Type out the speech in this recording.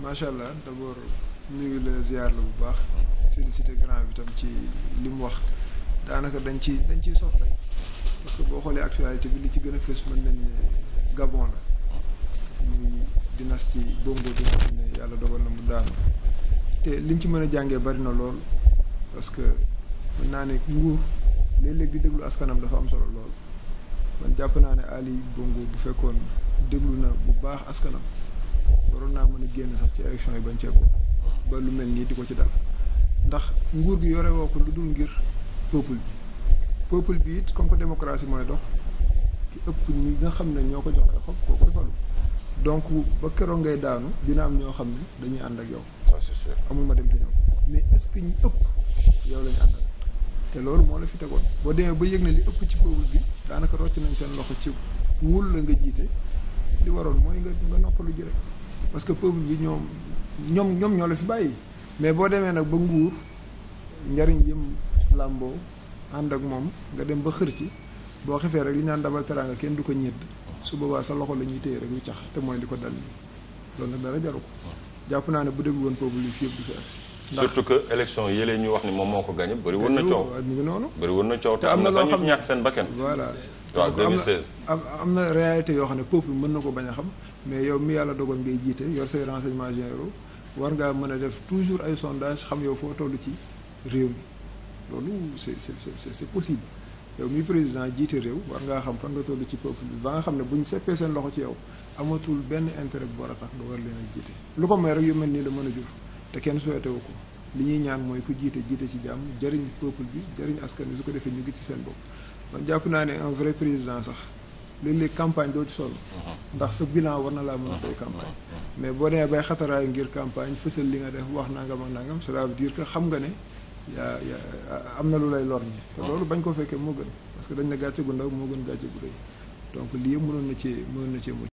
macha allah d' abord nuyu la ziar la bu baax félicité grand bi ci li mu wax daanaka dañ ci dañ ciy sof rek parce que boo xoolee actualité bi li ci gën a fës mën nañ ne Gabon la muy dynastie Bongo bi nga xam ne yàlla dogal na mu daanu te liñ ci mën a jàngee bari na lool parce que naa ne nguur léeg-léeg déglu askanam dafa am solo lool man jàpp naa ne Ali Bongo bu fekkoon déglu na bu baax askanam waroon naa mën a génn sax ci élection yi bañ cee bokk ba lu mel nii di ko ci dal ndax nguur gi yore woo ko lu dul ngir peuple bi peuple bi it comme que démocratie mooy dox ki ëpp ñi nga xam ne ñoo ko jox ay xob kooku defalu donc ba keroog ngay daanu dina am ñoo xam ne dañuy ànd ak yow. c'est sûr amul ma dem ci ñoom mais est-ce que ñi ëpp yow la ñu àndal te loolu moo la fi tegoon boo demee ba yëg na li ëpp ci peuple bi daanaka rocc nañ seen loxo ci wul la nga jiite li waroon mooy nga nga noppalu ji parce que peuple bi ñoom ñoom ñoom ñoo la fi bàyyi mais boo demee nag ba nguur njariñ yëm làmboo ànd ak moom nga dem ba xër ci boo xefee rek li ñaan dabal teraanga kenn du ko ñedd su boobaa sa loxo la ñuy téye rek ñu cax te mooy di ko dal nii loolu nag dara jaru ko jàpp naa ne bu déglu woon peuple yi fi yëpp du fi surtout que élection yële ñu wax ni moom moo ko gagné bëri woon na coow bëri ah, woon na coow te am na loo xam ñàkk seen bakkan voilà waaw 2016 am na am na réalité yoo xam ne peuple mën na ko bañ a xam mais yow mi yàlla dogal ngay jiite yor say renseignements généraux war ngaa mën a def toujours ay sondage xam yow foo toll ci réew mi loolu c'est c'est c'est possible yow mi président jiite réew war ngaa xam fan nga toll ci peuple bi ba nga xam ne bu ñu seppee seen loxo ci yow amatul benn intérêt bu war a tax nga war leen a jiite lu ko may rek yu mel nii la mën a jur te kenn souhaité wu ko li ñuy ñaan mooy ku jiite jiite ci jàmm jëriñ peuple bi jëriñ askan bi su ko defee ñu ngi ci seen bopp man jàpp naa ne un vrai président sax léeg-léeg campagne doo ci sonn mhm. ndax sa bilan war na laa mën a koy mhm. campagne mhm. mais boo demee bay xataraayu ngir campagne fësal li nga def wax nangam nangam cela veut diir que xam nga ne yaa am na lu lay lor ñi te loolu bañ ko fekkee moo gën parce que dañ ne gàcce gu ndaw moo gën gàcce gu rëy donc lii mënoon na cee mënoon na cee